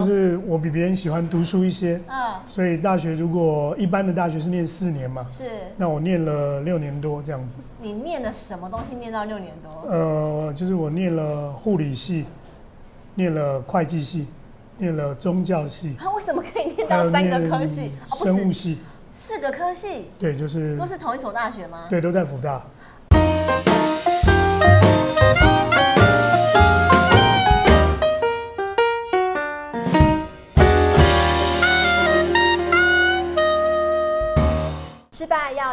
就是我比別人喜歡讀書一些，嗯，所以大學如果一般的大學是念四年嘛，是，那我念了六年多這樣子。你念的什麼東西？念到六年多？呃，就是我念了護理系，念了會計系，念了宗教系。為什麼可以念到三個科系？生物系、哦、四個科系？對，就是都是同一所大學嗎？對，都在輔大。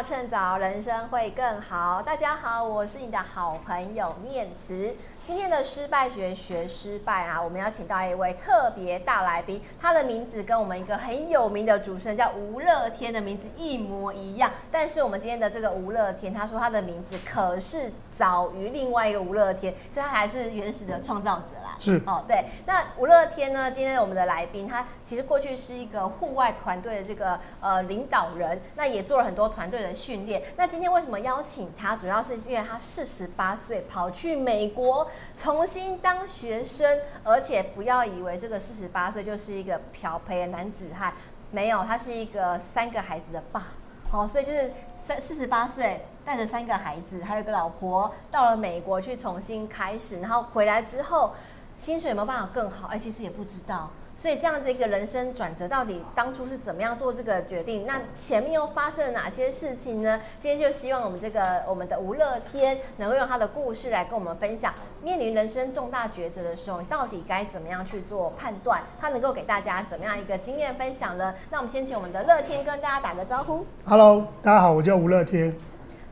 趁早，人生會更好。大家好，我是你的好朋友念慈。今天的失敗學學失敗啊，我們邀請到一位特別大來賓，他的名字跟我們一個很有名的主持人叫吳樂天的名字一模一樣。但是我們今天的這個吳樂天，他說他的名字可是早於另外一個吳樂天，所以他還是原始的創造者啦。是哦，對。那吳樂天呢？今天我們的來賓，他其實過去是一個戶外團隊的這個呃領導人，那也做了很多團隊的訓練。那今天為什麼邀請他？主要是因為他四十八歲跑去美國。重新當學生，而且不要以為這個四十八歲就是一個漂肥的男子漢，沒有，他是一個三個孩子的爸。好，所以就是三四十八歲帶着三個孩子，還有一個老婆，到了美國去重新開始，然後回來之後，薪水有沒有辦法更好？哎、欸，其實也不知道。所以這樣子一個人生轉折，到底當初是怎麼樣做這個決定？那前面又發生了哪些事情呢？今天就希望我們這個我們的吳樂天能夠用他的故事來跟我們分享，面臨人生重大抉擇的時候，你到底該怎麼樣去做判斷？他能夠給大家怎麼樣一個經驗分享呢？那我們先請我們的樂天跟大家打個招呼。Hello，大家好，我叫吳樂天。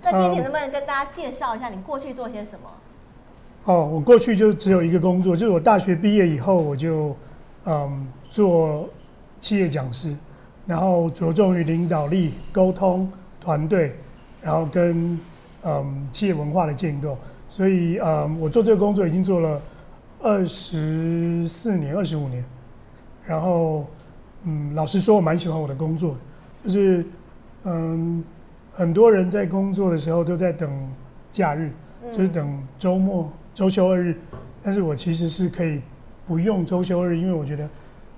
樂天，你能不能跟大家介紹一下你過去做些什麼？哦，uh, oh, 我過去就只有一個工作，就是我大學畢業以後我就。嗯，做企業講師，然後着重於領導力、溝通、團隊，然後跟嗯企業文化的建構。所以，嗯，我做這個工作已經做了二十四年、二十五年。然後，嗯，老實說，我蠻喜歡我的工作的，就是嗯，很多人在工作的時候都在等假日，嗯、就是等周末、周休二日，但是我其實是可以。不用周休二日，因為我覺得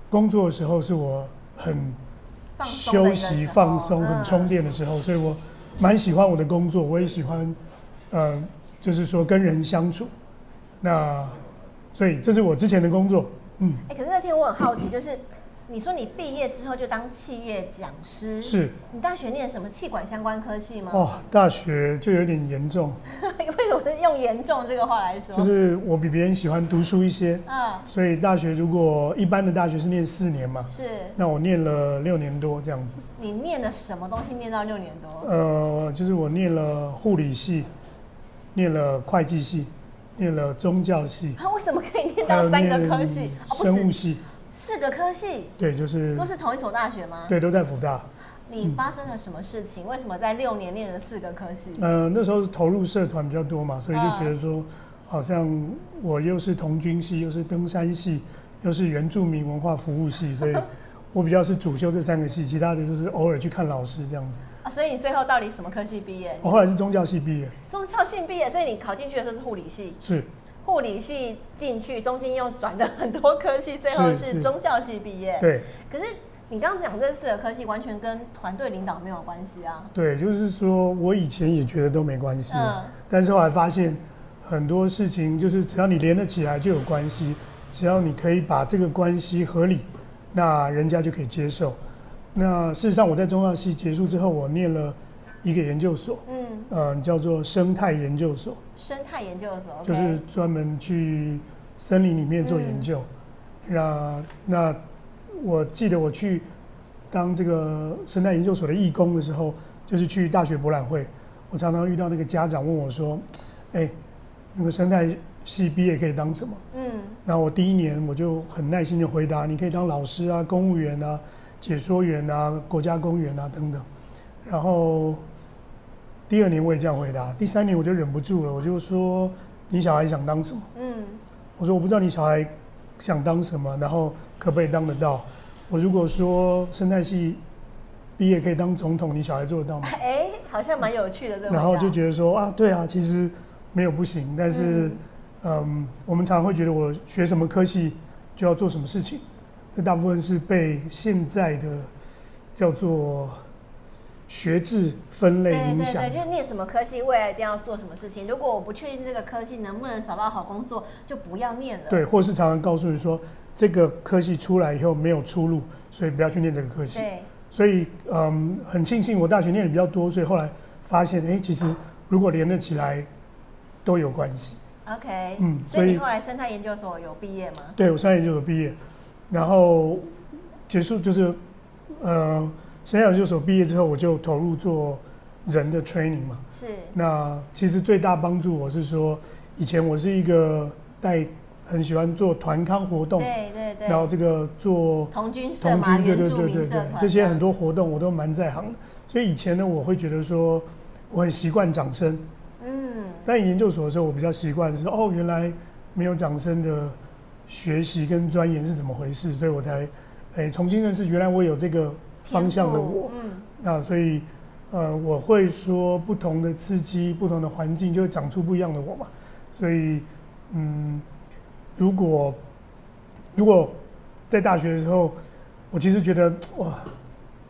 工作的時候是我很休息、放鬆、很充電的時候，嗯、所以我蠻喜歡我的工作，我也喜歡，嗯、呃，就是說跟人相處。那所以這是我之前的工作，嗯。哎、欸，可是那天我很好奇， 就是。你說你畢業之後就當企業講師，是你大學念什麼企管相關科系嗎？哦，大學就有點嚴重， 為什麼用嚴重這個話來說？就是我比別人喜歡讀書一些，嗯，所以大學如果一般的大學是念四年嘛，是，那我念了六年多這樣子。你念了什麼東西念到六年多？呃，就是我念了護理系，念了會計系，念了宗教系。啊，為什麼可以念到三個科系？生物系。哦四個科系，對，就是都是同一所大學嗎？對，都在輔大。你發生了什麼事情？嗯、為什麼在六年念了四個科系？呃，那時候投入社團比較多嘛，所以就覺得說，啊、好像我又是童軍系，又是登山系，又是原住民文化服務系，所以我比較是主修這三個系，其他的就是偶爾去看老師這樣子。啊，所以你最後到底什麼科系畢業？我後來是宗教系畢業。宗教系畢業，所以你考進去的時候是護理系。是。物理系進去，中間又轉了很多科系，最後是宗教系畢業，是、是。對，可是你剛剛講這四個科系，完全跟團隊領導沒有關係啊？對，就是說我以前也覺得都沒關係，嗯、但是後來發現很多事情，就是只要你連得起來就有關係，只要你可以把這個關係合理，那人家就可以接受。那事實上，我在宗教系結束之後，我念了。一個研究所，嗯、呃，叫做生態研究所，生態研究所、okay、就是專門去森林裡面做研究。嗯、那那我記得我去當這個生態研究所的義工的時候，就是去大學博覽會。我常常遇到那個家長問我說：“哎、欸，那個生態系畢業可以當什麼？”嗯，那我第一年我就很耐心的回答：“你可以當老師啊，公務員啊，解說員啊，國家公務員啊，等等。”然後。第二年我也這樣回答，第三年我就忍不住了，我就說，你小孩想當什麼？嗯，我說我不知道你小孩想當什麼，然後可不可以當得到？我如果說生態系畢業可以當總統，你小孩做得到嗎？哎，好像蠻有趣的，對吧？然後就覺得說，啊，對啊，其實沒有不行，但是，嗯，嗯，我們常常會覺得我學什麼科系就要做什麼事情，這大部分是被現在的叫做。學制分類影響，你就是念什麼科系，未來一定要做什麼事情。如果我不確定這個科系能不能找到好工作，就不要念了。對，或是常常告訴你說，這個科系出來以後沒有出路，所以不要去念這個科系。對。所以，嗯，很慶幸我大學念的比較多，所以後來發現，哎、欸，其實如果連得起來，都有關係。OK。嗯，所以，所以你後來生態研究所有畢業嗎？對，我生態研究所畢業，然後結束就是，呃、嗯。研究所畢業之後，我就投入做人的 training 嘛。是。那其實最大幫助我是說，以前我是一個帶很喜歡做團康活動，對對對。然後這個做童軍社、童軍、對對對對對原住民社團這些很多活動，我都蠻在行的。所以以前呢，我會覺得說我很習慣掌聲。嗯。在研究所的時候，我比較習慣是說哦，原來沒有掌聲的學習跟鑽研是怎麼回事，所以我才哎重新認識，原來我有這個。方向的我，那、嗯嗯啊、所以、呃，我會說不同的刺激、不同的環境就會長出不一樣的我嘛。所以，嗯，如果如果在大學的時候，我其實覺得哇，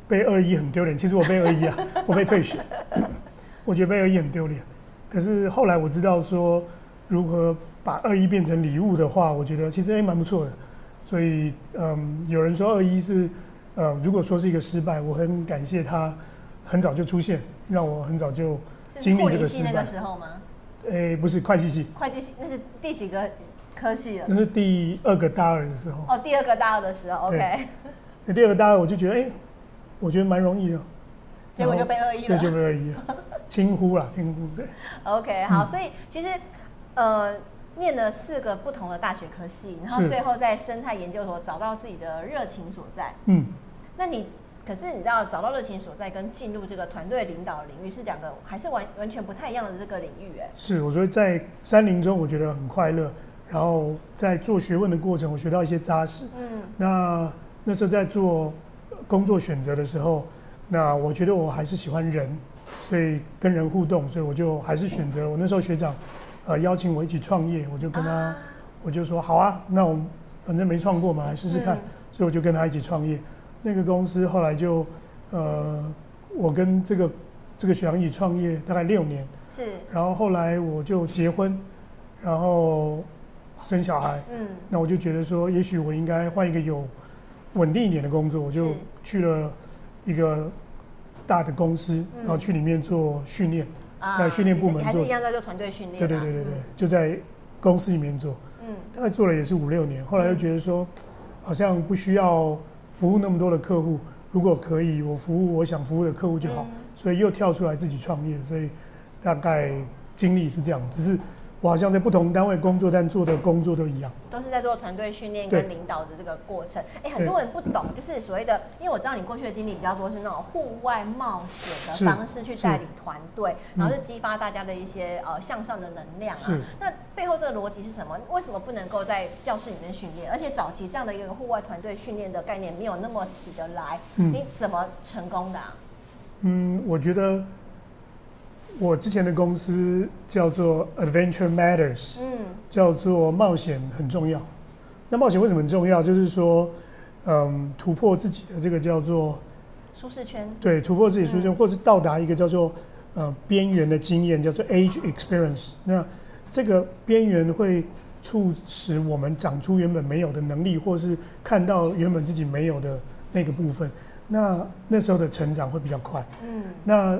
被二一很丟臉。其實我被二一啊， 我被退學，我覺得被二一很丟臉。可是後來我知道說如何把二一變成禮物的話，我覺得其實也、欸、蠻不錯的。所以，嗯，有人說二一是。呃，如果說是一個失敗，我很感謝他，很早就出現，讓我很早就經歷這個失敗。會計系那個時候嗎？哎，不是會計系。會計系那是第幾個科系了？那是第二個大二的時候。哦，第二個大二的時候對，OK。第二個大二我就覺得，哎，我覺得蠻容易的，結果就被二一了，後 對就被二一了，輕忽了，輕忽對。OK，好，嗯、所以其實呃，念了四個不同的大學科系，然後最後在生態研究所找到自己的熱情所在，嗯。那你，可是你知道找到熱情所在跟進入這個團隊領導領域，是兩個還是完完全不太一樣的這個領域哎？是，我覺得在山林中我覺得很快樂，然後在做學問的過程，我學到一些扎實。嗯，那那時候在做工作選擇的時候，那我覺得我還是喜歡人，所以跟人互動，所以我就還是選擇。嗯、我那時候學長，呃，邀請我一起創業，我就跟他，啊、我就說好啊，那我反正沒創過嘛，來試試看。嗯、所以我就跟他一起創業。那個公司後來就，呃，我跟這個這個學長一起創業大概六年，是，然後後來我就結婚，然後生小孩，嗯，那我就覺得說，也許我應該換一個有穩定一點的工作，我就去了一個大的公司，嗯、然後去裡面做訓練，啊、在訓練部門做，還是一樣在做團隊訓練，對對對對對，嗯、就在公司裡面做，嗯，大概做了也是五六年，後來又覺得說，好像不需要。服務那麼多的客戶，如果可以，我服務我想服務的客戶就好，所以又跳出來自己創業，所以大概經歷是這樣，就是。我好像在不同單位工作，但做的工作都一樣，都是在做團隊訓練跟領導的這個過程。哎對，很多人不懂，就是所謂的，因為我知道你過去的經歷比較多是那種戶外冒險的方式去帶領團隊，然後就激發大家的一些、嗯、呃向上的能量啊。是那背後這個邏輯是什麼？為什麼不能夠在教室裡面訓練？而且早期這樣的一個戶外團隊訓練的概念沒有那麼起得來，嗯、你怎麼成功的、啊？嗯，我覺得。我之前的公司叫做 Adventure Matters，嗯，叫做冒險很重要。那冒險為什麼很重要？就是說，嗯，突破自己的這個叫做舒適圈，對，突破自己舒適圈，嗯，或是到達一個叫做呃邊緣的經驗，叫做 edge experience。那這個邊緣會促使我們長出原本沒有的能力，或是看到原本自己沒有的那個部分。那那時候的成長會比較快，嗯，那。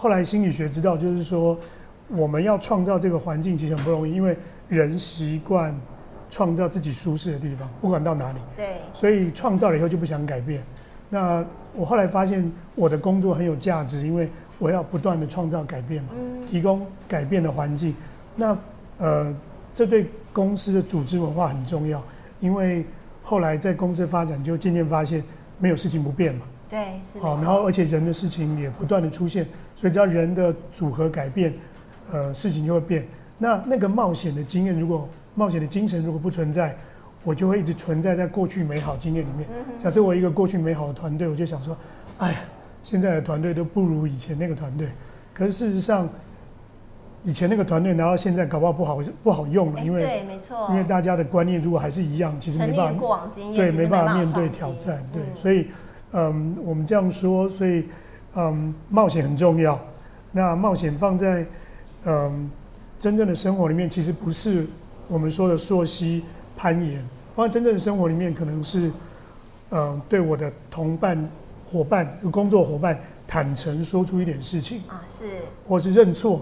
後來心理學知道，就是說我們要創造這個環境其實很不容易，因為人習慣創造自己舒適的地方，不管到哪裡。對。所以創造了以後就不想改變。那我後來發現我的工作很有價值，因為我要不斷的創造改變嘛，提供改變的環境。那呃，這對公司的組織文化很重要，因為後來在公司的發展就漸漸發現沒有事情不變嘛。對，是好，然後而且人的事情也不斷的出現，所以只要人的組合改變，呃，事情就會變。那那個冒險的經驗，如果冒險的精神如果不存在，我就會一直存在在過去美好經驗裡面。嗯嗯嗯、假設我一個過去美好的團隊，是我就想說，哎呀，現在的團隊都不如以前那個團隊。可是事實上，以前那個團隊拿到現在，搞不好不好不好用了，欸、因為對，沒錯，因為大家的觀念如果還是一樣，其實沒辦法過往經驗，對，沒辦法面對挑戰，嗯、對，所以。嗯，我們這樣說，所以，嗯，冒險很重要。那冒險放在，嗯，真正的生活裡面，其實不是我們說的溯溪、攀岩，放在真正的生活裡面，可能是，嗯，對我的同伴、夥伴、工作夥伴坦誠說出一點事情啊，是，或是認錯，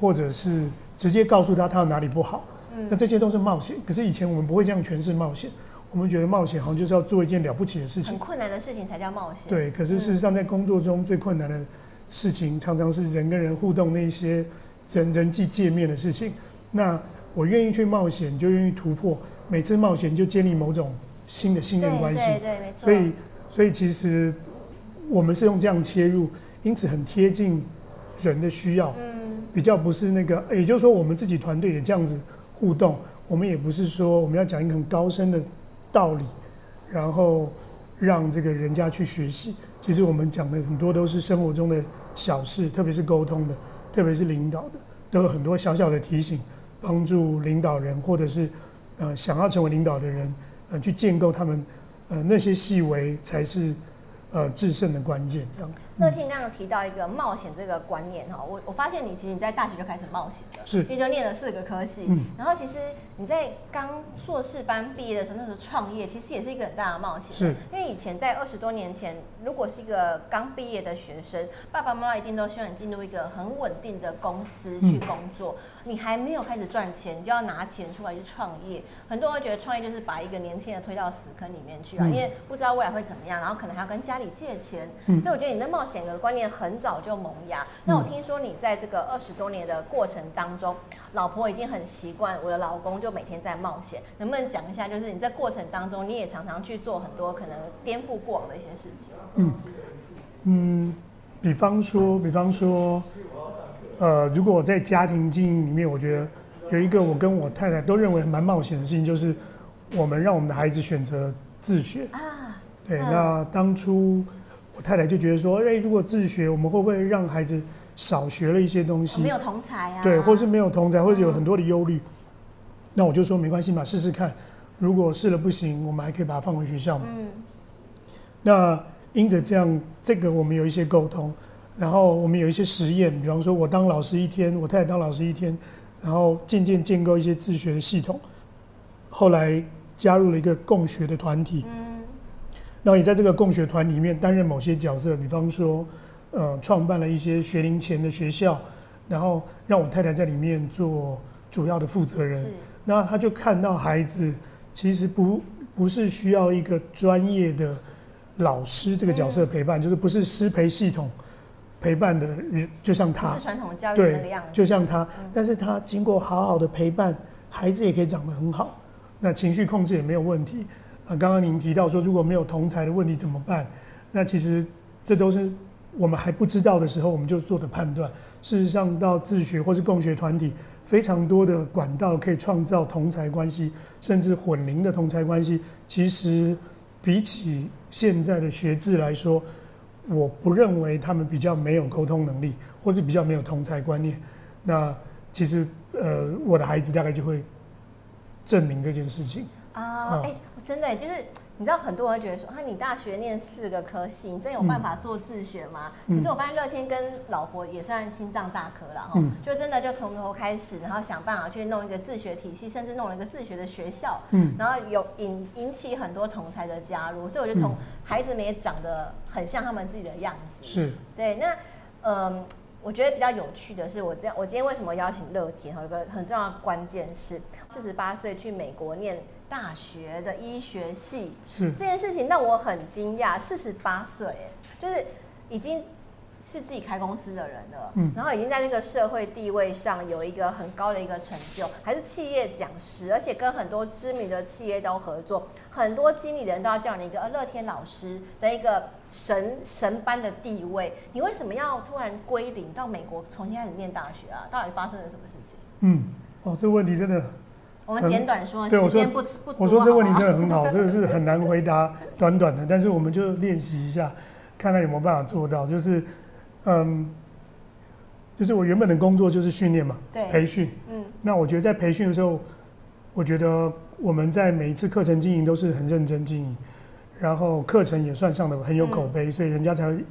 或者是直接告訴他他有哪裡不好，嗯，那這些都是冒險。可是以前我們不會這樣詮釋冒險。我們覺得冒險好像就是要做一件了不起的事情，很困難的事情才叫冒險。對，可是事實上，在工作中最困難的事情，常常是人跟人互動那一些人人際界面的事情。那我願意去冒險，就願意突破，每次冒險就建立某種新的信任關係。對對，沒錯。所以所以其實我們是用這樣切入，因此很貼近人的需要。嗯，比較不是那個，也就是說，我們自己團隊也這樣子互動，我們也不是說我們要講一個很高深的。道理，然後讓這個人家去學習。其實我們講的很多都是生活中的小事，特別是溝通的，特別是領導的，都有很多小小的提醒，幫助領導人或者是呃想要成為領導的人，呃，去建構他們呃那些細微才是呃制勝的關鍵。嗯、樂天剛剛提到一個冒險這個觀念哈、哦，我我發現你其實你在大學就開始冒險了，是，因為就念了四個科系，嗯、然後其實。你在剛碩士班畢業的時候，那時候創業其實也是一個很大的冒險，是。因為以前在二十多年前，如果是一個剛畢業的學生，爸爸媽媽一定都希望你進入一個很穩定的公司去工作。嗯、你還沒有開始賺錢，你就要拿錢出來去創業。很多人會覺得創業就是把一個年輕人推到死坑裡面去啊，嗯、因為不知道未來會怎麼樣，然後可能還要跟家裡借錢。嗯、所以我覺得你的冒險的觀念很早就萌芽。嗯、那我聽說你在這個二十多年的過程當中。老婆已經很習慣，我的老公就每天在冒險。能不能講一下，就是你在過程當中，你也常常去做很多可能顛覆過往的一些事情？嗯嗯，比方說，比方說，呃，如果我在家庭經營裡面，我覺得有一個我跟我太太都認為很蠻冒險的事情，就是我們讓我們的孩子選擇自學啊。對，嗯。那當初我太太就覺得說，欸，如果自學，我們會不會讓孩子？少學了一些東西，沒有同儕啊，對，或是沒有同儕，或者有很多的憂慮，嗯，那我就說沒關係嘛，試試看，如果試了不行，我們還可以把它放回學校嘛。嗯，那因着這樣，這個我們有一些溝通，然後我們有一些實驗，比方說我當老師一天，我太太當老師一天，然後漸漸建構一些自學的系統，後來加入了一個共學的團體，嗯，那也在這個共學團裡面擔任某些角色，比方說。呃，創辦了一些學齡前的學校，然後讓我太太在裡面做主要的負責人。是那他就看到孩子其實不不是需要一個專業的老師這個角色陪伴，嗯、就是不是師培系統陪伴的人，就像他傳統教育的樣子，就像他，嗯、但是他經過好好的陪伴，孩子也可以長得很好，那情緒控制也沒有問題。啊、呃，剛剛您提到說如果沒有同才的問題怎麼辦？那其實這都是。我們還不知道的時候，我們就做的判斷。事實上，到自學或是共學團體，非常多的管道可以創造同儕關係，甚至混齡的同儕關係。其實，比起現在的學制來說，我不認為他們比較沒有溝通能力，或是比較沒有同儕觀念。那其實，呃，我的孩子大概就會證明這件事情。啊、uh, 嗯，哎、欸，我真的、欸、就是。你知道很多人覺得說，哈、啊，你大學念四個科系，你真有辦法做自學嗎？可是、嗯、我發現樂天跟老婆也算心臟大顆了哈，嗯、就真的就從頭開始，然後想辦法去弄一個自學體系，甚至弄了一個自學的學校，嗯、然後有引引起很多同才的加入，所以我覺得孩子們也長得很像他們自己的樣子，是對。那嗯。呃我覺得比較有趣的是，我今我今天為什麼邀請樂天？有一個很重要的關鍵是，四十八歲去美國念大學的醫學系，是這件事情讓我很驚訝。四十八歲，欸，就是已經。是自己開公司的人的，嗯、然後已經在那個社會地位上有一個很高的一個成就，還是企業講師，而且跟很多知名的企業都合作，很多經理人都要叫你一個“呃，樂天老師”的一個神神般的地位。你為什麼要突然歸零到美國重新開始念大學啊？到底發生了什麼事情？嗯，哦，這問題真的，我們簡短說，嗯、對時間不說不足，我說這問題真的很好， 真的是很難回答， 短短的，但是我們就練習一下，看看有沒有辦法做到，就是。嗯，um, 就是我原本的工作就是訓練嘛，對，培訓，嗯，那我覺得在培訓的時候，我覺得我們在每一次課程經營都是很認真經營，然後課程也算上的很有口碑，嗯，所以人家才會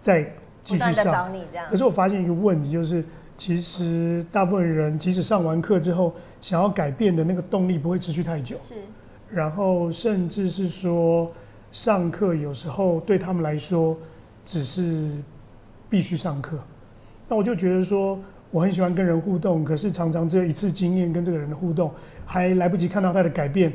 再繼續上。大家找你這樣。可是我發現一個問題，就是其實大部分人即使上完課之後，想要改變的那個動力不會持續太久，是。然後甚至是說上課有時候對他們來說只是。必須上課，那我就覺得說，我很喜歡跟人互動，可是常常只有一次經驗跟這個人的互動，還來不及看到他的改變，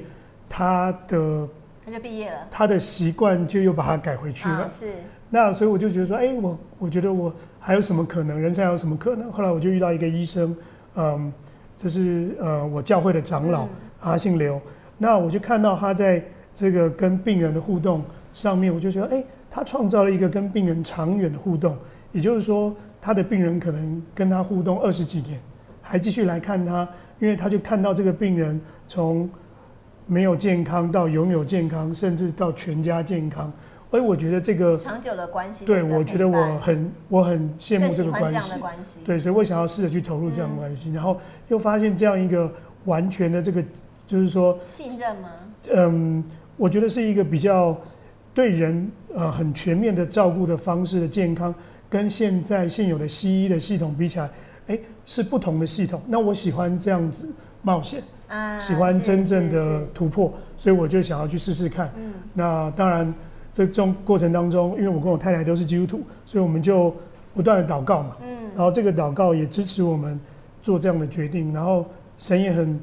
他的他就畢業了，他的習慣就又把他改回去了、啊。是，那所以我就覺得說，哎、欸，我我覺得我還有什麼可能，人生還有什麼可能？後來我就遇到一個醫生，嗯，這是呃我教會的長老，他、嗯啊、姓劉。那我就看到他在這個跟病人的互動上面，我就覺得，哎、欸，他創造了一個跟病人長遠的互動。也就是說，他的病人可能跟他互動二十幾年，還繼續來看他，因為他就看到這個病人從沒有健康到擁有健康，甚至到全家健康。所以我覺得這個長久的關係，對，我覺得我很我很羨慕這個關係，更喜歡這樣的關係。對，所以我想要試着去投入這樣的關係，嗯、然後又發現這樣一個完全的這個，就是說信任嗎？嗯，我覺得是一個比較對人呃很全面的照顧的方式的健康。跟現在現有的西醫的系統比起來，誒、欸，是不同的系統。那我喜歡這樣子冒險，啊、喜歡真正的突破，所以我就想要去試試看。嗯、那當然，這種過程當中，因為我跟我太太都是基督徒，所以我們就不斷的禱告嘛。嗯。然後這個禱告也支持我們做這樣的決定，然後神也很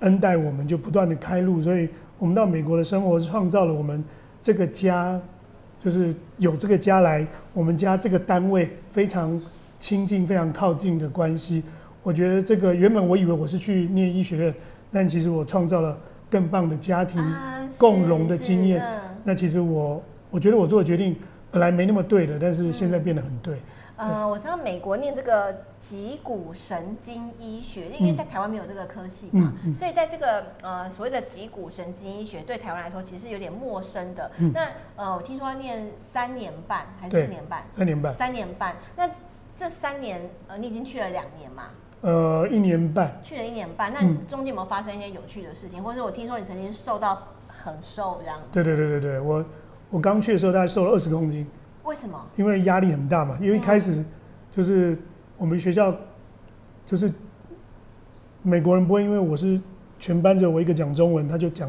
恩待我們，就不斷的開路，所以我們到美國的生活創造了我們這個家。就是有這個家來，我們家這個單位非常親近、非常靠近的關係。我覺得這個原本我以為我是去念醫學院，但其實我創造了更棒的家庭共榮的經驗。啊、那其實我，我覺得我做的決定本來沒那麼對的，但是現在變得很對。嗯呃，我知道美國念這個脊骨神經醫學，嗯、因為在台灣沒有這個科系嘛，嗯嗯、所以在這個呃所謂的脊骨神經醫學對台灣來說其實有點陌生的。嗯、那呃，我聽說要念三年半還是四年半？三年半，三年半，三年半。那這三年呃，你已經去了兩年嘛？呃，一年半，去了一年半。那你中間有沒有發生一些有趣的事情？嗯、或者是我聽說你曾經瘦到很瘦這樣？對對對對對，我我剛去的時候大概瘦了二十公斤。為什麼？因為壓力很大嘛。因為一開始就是我們學校就是美國人不會，因為我是全班就我一個講中文，他就講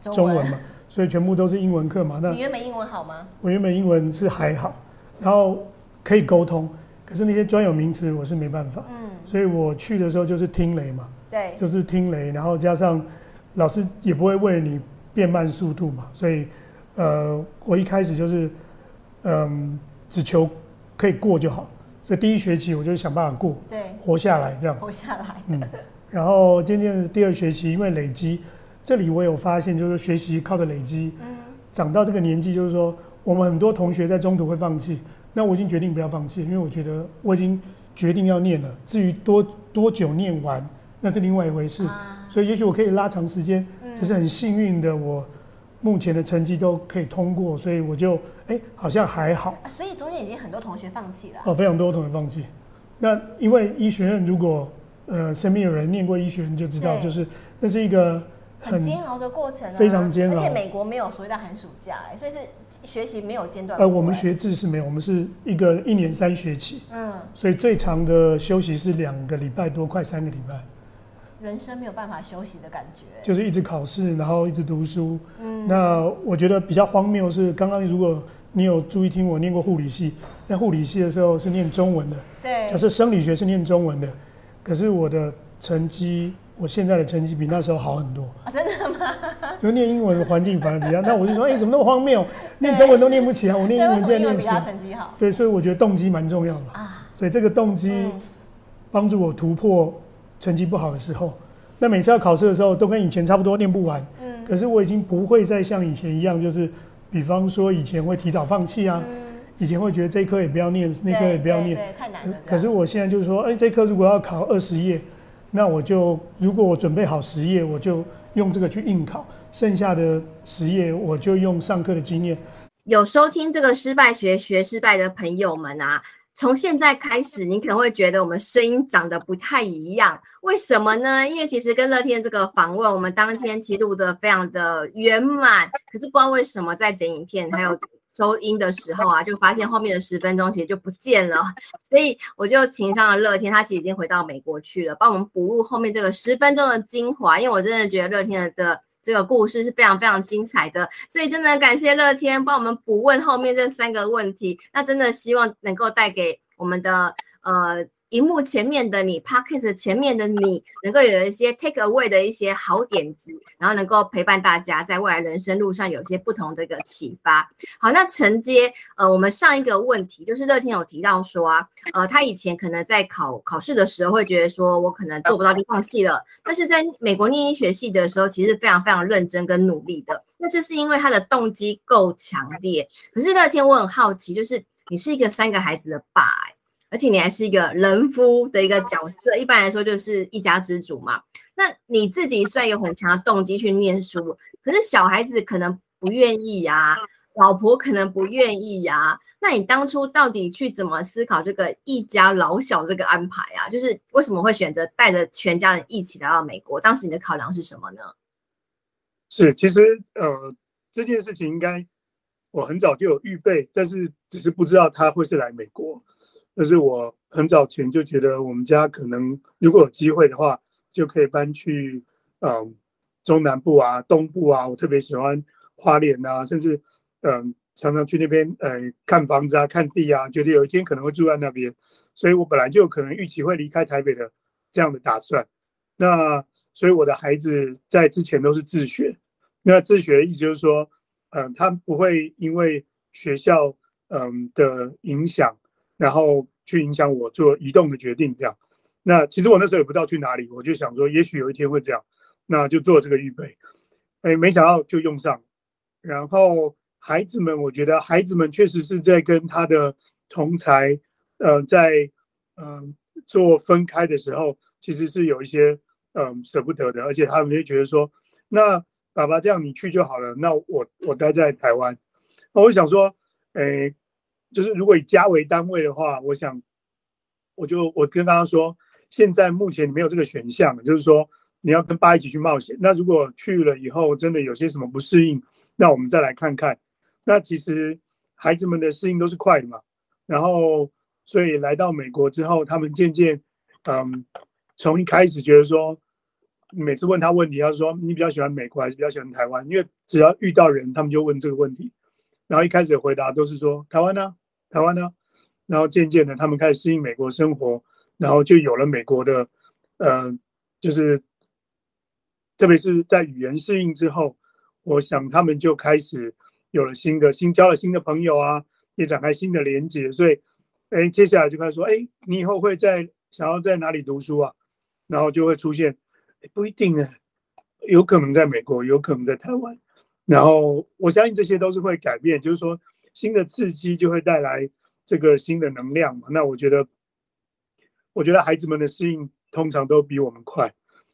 中文嘛，中文。所以全部都是英文課嘛。那你原本英文好嗎？我原本英文是還好，嗯、然後可以溝通，可是那些專有名詞我是沒辦法。嗯、所以我去的時候就是聽雷嘛。對。就是聽雷，然後加上老師也不會為了你變慢速度嘛，所以呃，我一開始就是。嗯，只求可以過就好，所以第一學期我就想辦法過，對，活下來這樣，活下來、嗯。然後漸漸的第二學期，因為累積，這裡我有發現，就是說學習靠着累積，嗯，長到這個年紀，就是說我們很多同學在中途會放棄，那我已經決定不要放棄，因為我覺得我已經決定要念了。至於多多久念完，那是另外一回事，啊、所以也許我可以拉長時間，只是很幸運的我。嗯目前的成績都可以通過，所以我就，欸、好像還好。所以中間已經很多同學放棄了，啊、哦，非常多同學放棄。那因為醫學院如果呃身邊有人念過醫學院，就知道對就是那是一個很、很煎熬的過程，啊，非常煎熬。而且美國沒有所謂的寒暑假，欸，所以是學習沒有間斷。呃，我們學制是沒有，我們是一個一年三學期，嗯，所以最長的休息是兩個禮拜多，快三個禮拜。人生沒有辦法休息的感覺，就是一直考試，然後一直讀書。嗯，那我覺得比較荒謬是，剛剛如果你有注意聽，我念過護理系，在護理系的時候是念中文的，對，假設生理學是念中文的，可是我的成績，我現在的成績比那時候好很多。啊、真的嗎？就念英文的環境反而比較， 那我就說，哎、欸，怎麼那麼荒謬？念對中文都念不起啊。我念英文再念起來。為什麼英文比較成績好，對，所以我覺得動機蠻重要的啊。所以這個動機幫助我突破。嗯成績不好的時候，那每次要考試的時候都跟以前差不多，念不完。嗯。可是我已經不會再像以前一樣，就是，比方說以前會提早放棄啊，嗯、以前會覺得這科也不要念，對那科也不要念對對，對，太難了。可是我現在就是說，哎、欸，這科如果要考二十頁，那我就如果我準備好十頁，我就用這個去硬考，剩下的十頁我就用上課的經驗。有收聽這個失敗學學失敗的朋友們啊。從現在開始，你可能會覺得我們聲音長得不太一樣，為什麼呢？因為其實跟樂天這個訪問，我們當天其實錄的非常的圓滿，可是不知道為什麼在剪影片還有收音的時候啊，就發現後面的十分鐘其實就不見了，所以我就請上了樂天，他其實已經回到美國去了，幫我們補錄後面這個十分鐘的精華，因為我真的覺得樂天的這個故事是非常非常精彩的，所以真的感謝樂天幫我們補問後面這三個問題。那真的希望能夠帶給我們的呃。螢幕前面的你，podcast 前面的你，能夠有一些 take away 的一些好點子，然後能夠陪伴大家在未來人生路上有一些不同的一個啟發。好，那承接呃，我們上一個問題就是樂天有提到說啊，呃，他以前可能在考考試的時候會覺得說我可能做不到就放棄了，但是在美國念醫學系的時候，其實非常非常認真跟努力的。那這是因為他的動機夠強烈。可是樂天我很好奇，就是你是一個三個孩子的爸、欸。而且你還是一個人夫的一個角色，一般來說就是一家之主嘛。那你自己算有很強的動機去念書，可是小孩子可能不願意呀、啊，老婆可能不願意呀、啊。那你當初到底去怎麼思考這個一家老小這個安排啊？就是為什麼會選擇帶着全家人一起來到美國？當時你的考量是什麼呢？是，其實呃，這件事情應該我很早就有預備，但是只是不知道他會是來美國。但是我很早前就覺得，我們家可能如果有機會的話，就可以搬去，嗯、呃，中南部啊，東部啊，我特別喜歡花蓮啊，甚至嗯、呃，常常去那邊，呃，看房子啊，看地啊，覺得有一天可能會住在那邊，所以我本來就可能預期會離開台北的這樣的打算。那所以我的孩子在之前都是自學，那自學意思就是說，嗯、呃，他不會因為學校嗯、呃、的影響。然後去影響我做移動的決定，這樣。那其實我那時候也不知道去哪裡，我就想說，也許有一天會這樣，那就做這個預備。哎，沒想到就用上。然後孩子們，我覺得孩子們確實是在跟他的同儕，嗯、呃，在嗯、呃、做分開的時候，其實是有一些嗯、呃、捨不得的，而且他們就覺得說，那爸爸這樣你去就好了，那我我待在台灣。那我想說，哎。就是如果以家為單位的話，我想，我就我跟大家說，現在目前沒有這個選項，就是說你要跟爸一起去冒險。那如果去了以後真的有些什麼不適應，那我們再來看看。那其實孩子們的適應都是快的嘛。然後所以來到美國之後，他們漸漸，嗯，從一開始覺得說，每次問他問題，他說你比較喜歡美國還是比較喜歡台灣？因為只要遇到人，他們就問這個問題。然後一開始回答都是說台灣呢，台灣呢、啊啊，然後漸漸的他們開始適應美國生活，然後就有了美國的，嗯、呃，就是，特別是在語言適應之後，我想他們就開始有了新的，新交了新的朋友啊，也展開新的連接，所以，哎，接下來就開始說，哎，你以後會在想要在哪裡讀書啊？然後就會出現，不一定呢，有可能在美國，有可能在台灣。然後我相信這些都是會改變，就是說新的刺激就會帶來這個新的能量嘛。那我覺得，我覺得孩子們的適應通常都比我們快，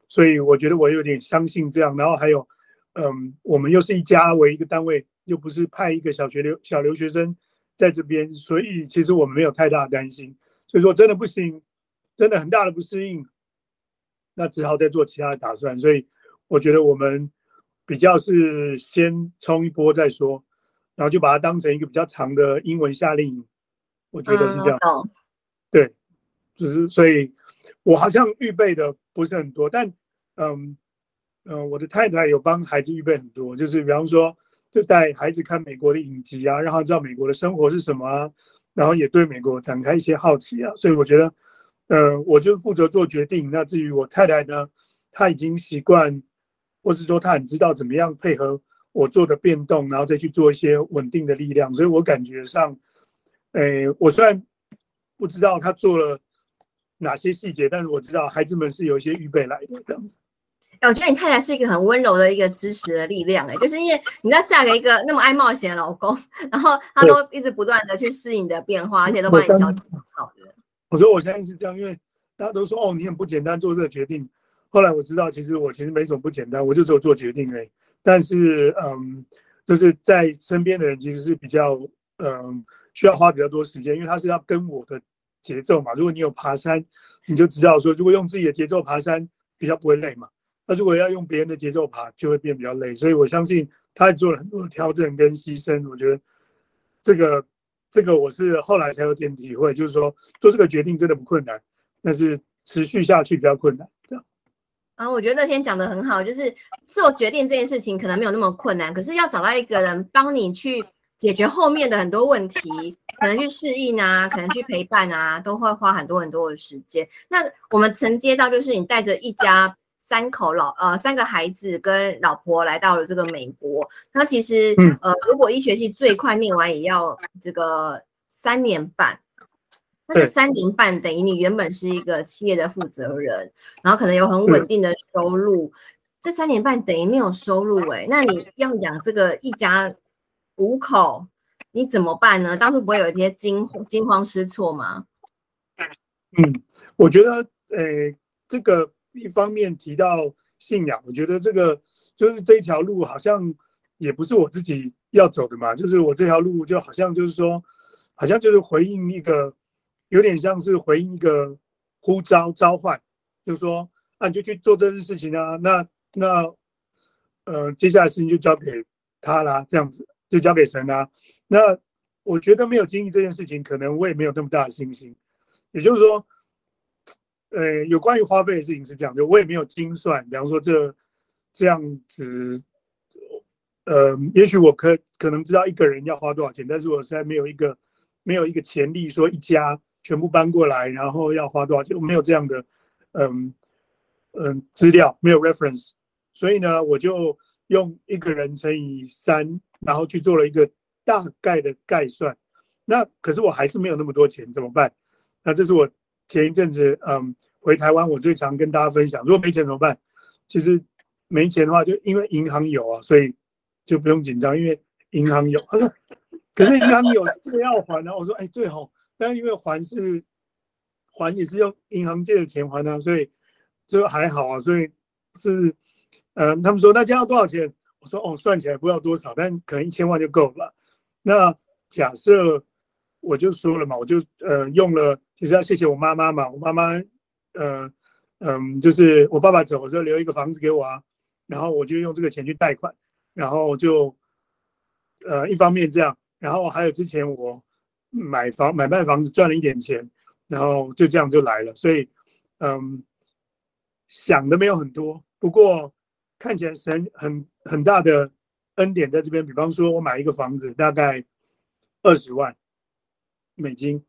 所以我覺得我有點相信這樣。然後還有，嗯，我們又是一家為一個單位，又不是派一個小學留小留學生在這邊，所以其實我們沒有太大的擔心。所以說真的不行，真的很大的不適應，那只好再做其他的打算。所以我覺得我們。比較是先衝一波再說，然後就把它當成一個比較長的英文夏令營，我覺得是這樣。Uh, 對，就是所以，我好像預備的不是很多，但嗯嗯、呃，我的太太有幫孩子預備很多，就是比方說，就帶孩子看美國的影集啊，讓他知道美國的生活是什麼啊，然後也對美國展開一些好奇啊。所以我覺得，呃，我就負責做決定，那至於我太太呢，她已經習慣。或是說他很知道怎麼樣配合我做的變動，然後再去做一些穩定的力量，所以我感覺上，誒、欸，我雖然不知道他做了哪些細節，但是我知道孩子們是有一些預備來的。這樣子，哎，我覺得你太太是一個很溫柔的一個支持的力量，欸。就是因為你知道嫁給一個那麼愛冒險的老公，然後他都一直不斷的去適應你的變化，我而且都把你照顧好的我。我覺得我相信是這樣，因為大家都說哦，你很不簡單做這個決定。後來我知道，其實我其實沒什麼不簡單，我就只有做決定而已。但是，嗯，就是在身邊的人其實是比較，嗯，需要花比較多時間，因為他是要跟我的節奏嘛。如果你有爬山，你就知道說，如果用自己的節奏爬山，比較不會累嘛。那如果要用別人的節奏爬，就會變比較累。所以我相信他也做了很多的調整跟犧牲。我覺得這個這個我是後來才有點體會，就是說做這個決定真的不困難，但是持續下去比較困難。啊，我覺得那天講的很好，就是做決定這件事情可能沒有那麼困難，可是要找到一個人幫你去解決後面的很多問題，可能去適應啊，可能去陪伴啊，都會花很多很多的時間。那我們承接到，就是你帶着一家三口老呃三個孩子跟老婆來到了這個美國，那其實呃，如果醫學系最快念完也要這個三年半。那個三年半，等於你原本是一個企業的負責人，嗯、然後可能有很穩定的收入，嗯、這三年半等於沒有收入誒、欸，那你要養這個一家五口，你怎麼辦呢？當初不會有一些驚驚慌失措嗎？嗯，我覺得，誒、呃，這個一方面提到信仰，我覺得這個就是這條路好像也不是我自己要走的嘛，就是我這條路就好像就是說，好像就是回應一個。有點像是回應一個呼召召喚，就是說，啊，你就去做這件事情啊，那那，呃，接下來事情就交給他啦，這樣子就交給神啦。那我覺得沒有經歷這件事情，可能我也沒有那麼大的信心。也就是說，呃，有關於花費的事情是這樣，就我也沒有精算。比方說這，這這樣子，呃，也許我可可能知道一個人要花多少錢，但是我現在沒有一個沒有一個潛力說一家。全部搬過來，然後要花多少錢？我沒有這樣的，嗯嗯，資料沒有 reference，所以呢，我就用一個人乘以三，然後去做了一個大概的概算。那可是我還是沒有那麼多錢，怎麼辦？那這是我前一陣子嗯回台灣，我最常跟大家分享：如果沒錢怎麼辦？其實沒錢的話，就因為銀行有啊，所以就不用緊張，因為銀行有。他說：“可是銀行有，這個要還。”然後我說：“哎，最好、哦。”但因為還是還也是用銀行借的錢還他，所以就還好啊，所以是嗯、呃，他們說，那這樣要多少錢？我說哦，算起來不要多少，但可能一千萬就夠了。那假設我就說了嘛，我就呃用了，其實要謝謝我媽媽嘛，我媽媽呃嗯、呃，就是我爸爸走的時候留一個房子給我啊，然後我就用這個錢去貸款，然後就呃一方面這樣，然後還有之前我。買房買賣房子賺了一點錢，然後就這樣就來了。所以，嗯，想的沒有很多，不過看起來很很很大的恩典在這邊。比方說，我買一個房子大概二十萬美金，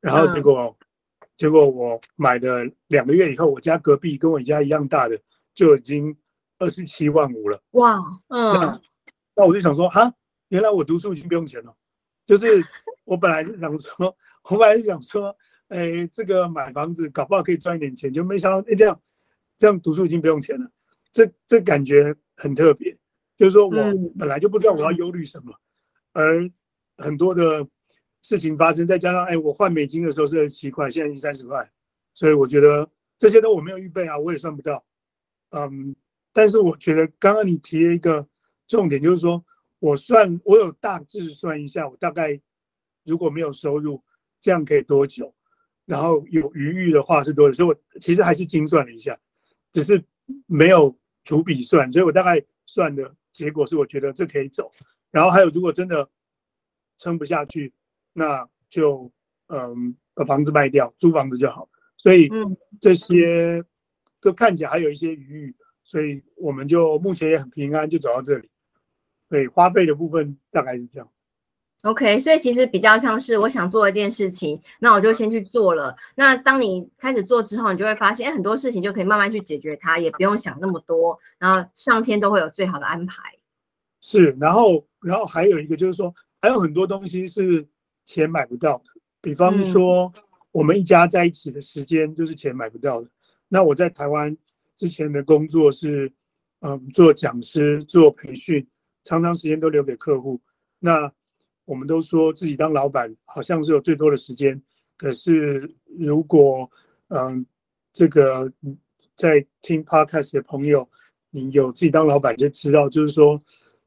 然後結果、嗯、結果我買了兩個月以後，我家隔壁跟我家一樣大的就已經二十七萬五了。哇，嗯那，那我就想說，哈，原來我讀書已經不用錢了。 就是我本來是想說，我本來是想說，哎，這個買房子搞不好可以賺一點錢，就沒想到、哎、這樣，這樣讀書已經不用錢了，這這感覺很特別。就是說我本來就不知道我要憂慮什麼，而很多的事情發生，再加上哎，我換美金的時候是七塊，現在已經三十塊，所以我覺得這些都我沒有預備啊，我也算不到。嗯，但是我覺得剛剛你提了一個重點，就是說。我算，我有大致算一下，我大概如果沒有收入，這樣可以多久？然後有餘裕的話是多久？所以我其實還是精算了一下，只是沒有逐筆算，所以我大概算的結果是，我覺得這可以走。然後還有，如果真的撐不下去，那就嗯把房子賣掉，租房子就好。所以這些都看起來還有一些餘裕，所以我們就目前也很平安，就走到這裡。對，花費的部分大概是這樣，OK，所以其實比較像是我想做一件事情，那我就先去做了。那當你開始做之後，你就會發現，欸，很多事情就可以慢慢去解決它，它也不用想那麼多。然後上天都會有最好的安排。是，然後然後還有一個就是說，還有很多東西是錢買不到的，比方說我們一家在一起的時間就是錢買不到的。嗯，那我在台灣之前的工作是，嗯，做講師做培訓。常常時間都留給客戶，那我們都說自己當老板好像是有最多的時間，可是如果嗯、呃、這個在聽 podcast 的朋友，你有自己當老板就知道，就是說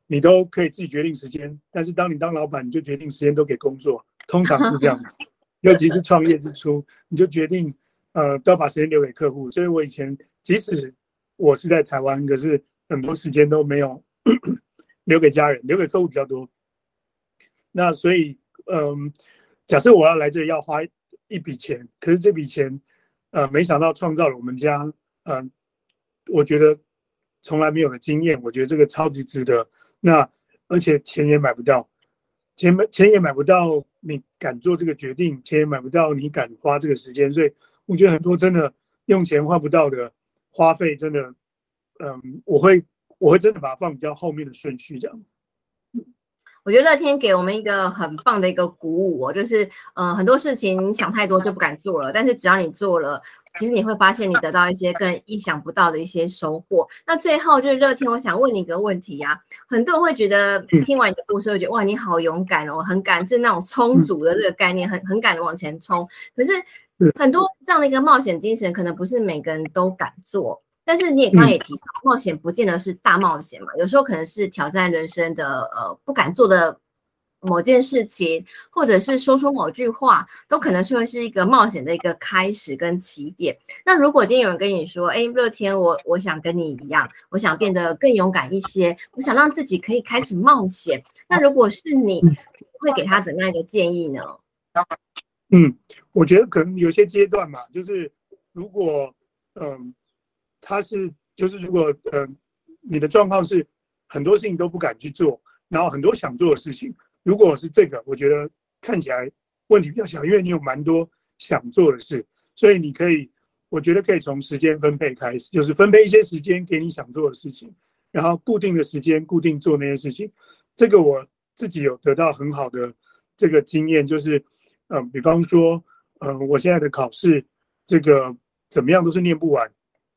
你都可以自己決定時間，但是當你當老板，你就決定時間都給工作，通常是這樣 尤其是創業之初，你就決定呃都要把時間留給客戶，所以我以前即使我是在台灣，可是很多時間都沒有。留給家人，留給客戶比較多。那所以，嗯、呃，假設我要來這裡要花一筆錢，可是這筆錢，呃，沒想到創造了我們家，嗯、呃，我覺得從來沒有的經驗，我覺得這個超級值得。那而且錢也買不到，錢買錢也買不到你敢做這個決定，錢也買不到你敢花這個時間。所以我覺得很多真的用錢換不到的花費，真的，嗯、呃，我會。我會真的把它放比較後面的順序這樣。我覺得樂天給我們一個很棒的一個鼓舞哦，就是呃很多事情你想太多就不敢做了，但是只要你做了，其實你會發現你得到一些更意想不到的一些收穫。那最後就是樂天，我想問你一個問題啊，很多人會覺得，嗯，聽完你的故事會覺得哇，你好勇敢哦，很敢是那種充足的這個概念，嗯，很很敢往前衝。可是很多這樣的一個冒險精神，可能不是每個人都敢做。但是你也剛剛、嗯、也提到，冒險不見得是大冒險嘛，有時候可能是挑戰人生的呃不敢做的某件事情，或者是說出某句話，都可能是會是一個冒險的一個開始跟起點。那如果今天有人跟你說，哎、欸，樂天，我我想跟你一樣，我想變得更勇敢一些，我想讓自己可以開始冒險。那如果是你，你會給他怎樣一個建議呢？嗯，我覺得可能有些階段嘛，就是如果嗯。呃他是就是，如果嗯、呃，你的狀況是很多事情都不敢去做，然後很多想做的事情，如果是這個，我覺得看起來問題比較小，因為你有蠻多想做的事，所以你可以，我覺得可以從時間分配開始，就是分配一些時間給你想做的事情，然後固定的時間固定做那些事情。這個我自己有得到很好的這個經驗，就是嗯、呃，比方說嗯、呃，我現在的考試這個怎麼樣都是念不完。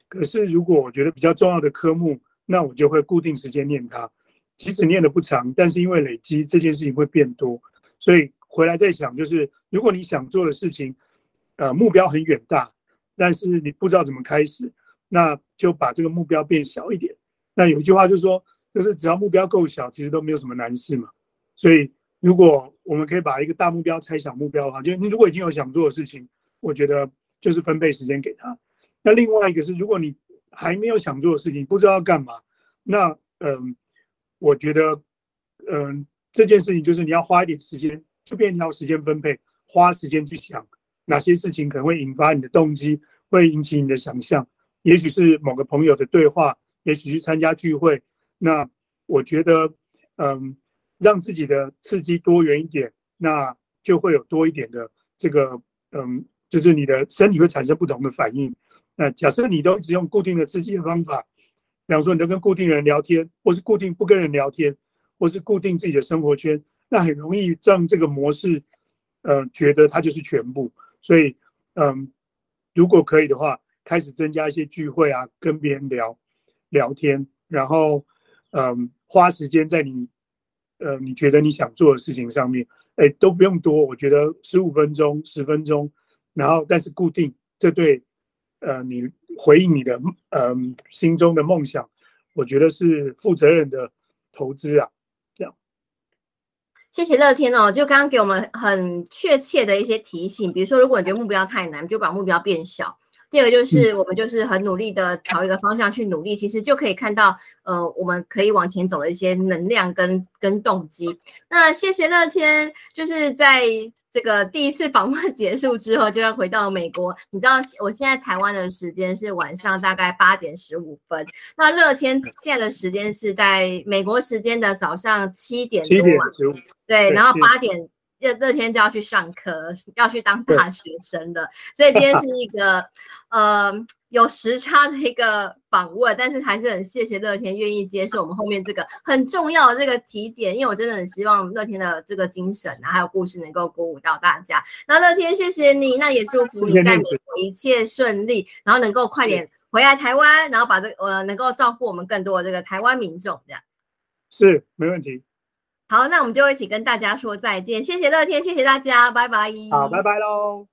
可是，如果我覺得比較重要的科目，那我就會固定時間念它。即使念的不長，但是因為累積這件事情會變多，所以回來再想，就是如果你想做的事情，呃，目標很遠大，但是你不知道怎麼開始，那就把這個目標變小一點。那有一句話就是說，就是只要目標夠小，其實都沒有什麼難事嘛。所以，如果我們可以把一個大目標拆小目標的話，就你如果已經有想做的事情，我覺得就是分配時間給他。那另外一個是，如果你還沒有想做的事情，不知道要幹嘛，那嗯，我覺得嗯，這件事情就是你要花一點時間，就變你要時間分配，花時間去想哪些事情可能會引發你的動機，會引起你的想象，也許是某個朋友的對話，也許去參加聚會。那我覺得嗯，讓自己的刺激多元一點，那就會有多一點的這個嗯，就是你的身體會產生不同的反應。那假設你都一直用固定的刺激的方法，比方說你都跟固定人聊天，或是固定不跟人聊天，或是固定自己的生活圈，那很容易讓這這個模式、呃，覺得它就是全部。所以，嗯、呃，如果可以的話，開始增加一些聚會啊，跟別人聊聊天，然後，嗯、呃，花時間在你，呃，你覺得你想做的事情上面，哎、欸，都不用多，我覺得十五分鐘、十分鐘，然後但是固定這對。呃，你回應你的，嗯、呃，心中的夢想，我覺得是負責任的投資啊，這樣。謝謝樂天哦，就剛剛給我們很確切的一些提醒，比如說，如果你覺得目標太難，就把目標變小。第二個就是我們就是很努力的朝一個方向去努力，其實就可以看到，呃，我們可以往前走的一些能量跟跟動機。那謝謝樂天，就是在，這個第一次訪問結束之後，就要回到美國。你知道，我現在台灣的時間是晚上大概八點十五分，那樂天現在的時間是在美國時間的早上七點、啊，七點多，對，對，然後八點。樂樂天就要去上課，要去當大學生的，對所以今天是一個 呃有時差的一個訪問，但是還是很謝謝樂天願意接受我們後面這個很重要的這個提點，因為我真的很希望樂天的這個精神、啊、還有故事能夠鼓舞到大家。那樂天謝謝你，那也祝福你在美國一切順利，然後能夠快點回來台灣，對然後把這個、呃能夠照顧我們更多的這個台灣民眾這樣。是，沒問題。好，那我們就一起跟大家說再見。謝謝樂天，謝謝大家，拜拜。好，拜拜嘍。